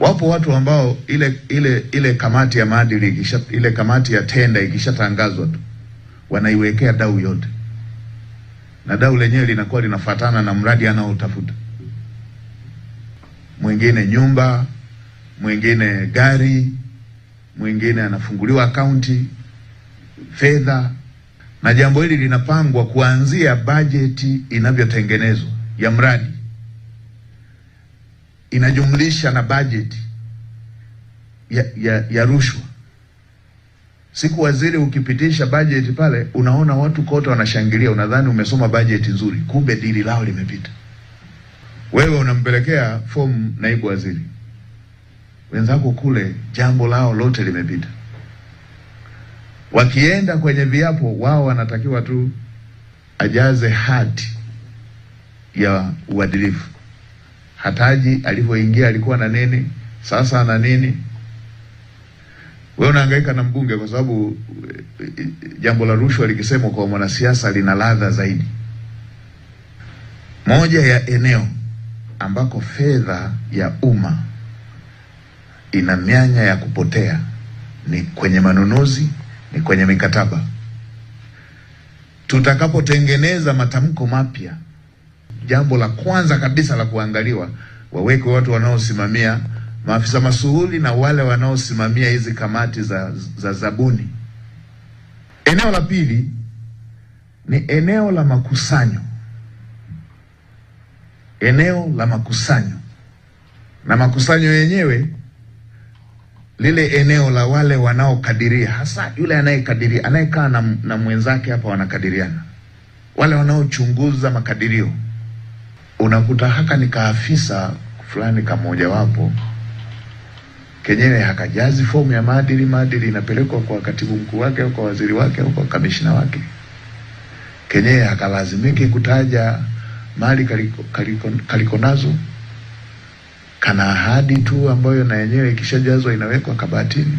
Wapo watu ambao ile ile ile kamati ya maadili ikisha, ile kamati ya tenda ikishatangazwa tu wanaiwekea dau yote, na dau lenyewe linakuwa linafatana na mradi anaotafuta, mwingine nyumba, mwingine gari, mwingine anafunguliwa akaunti fedha, na jambo hili linapangwa kuanzia bajeti inavyotengenezwa ya mradi inajumlisha na bajeti ya, ya, ya rushwa. Siku waziri, ukipitisha bajeti pale, unaona watu kote wanashangilia, unadhani umesoma bajeti nzuri, kumbe dili lao limepita. Wewe unampelekea fomu naibu waziri, wenzako kule jambo lao lote limepita. Wakienda kwenye viapo, wao wanatakiwa tu ajaze hati ya uadilifu hataji alivyoingia alikuwa na nini, sasa ana nini. Wewe unahangaika na mbunge kwa sababu eh, eh, jambo la rushwa likisemwa kwa mwanasiasa lina ladha zaidi. Moja ya eneo ambako fedha ya umma ina mianya ya kupotea ni kwenye manunuzi, ni kwenye mikataba. Tutakapotengeneza matamko mapya jambo la kwanza kabisa la kuangaliwa, wawekwe watu wanaosimamia maafisa masuhuli na wale wanaosimamia hizi kamati za, za zabuni. Eneo la pili ni eneo la makusanyo, eneo la makusanyo na makusanyo yenyewe lile eneo la wale wanaokadiria, hasa yule anayekadiria, anayekaa na, na mwenzake hapa wanakadiriana, wale wanaochunguza makadirio unakuta haka ni kaafisa fulani kamojawapo kenyewe hakajazi fomu ya maadili. Maadili inapelekwa kwa katibu mkuu wake au kwa waziri wake au kwa kamishina wake. Kenyewe hakalazimiki kutaja mali kaliko, kaliko, kaliko nazo. Kana ahadi tu ambayo na yenyewe ikishajazwa inawekwa kabatini.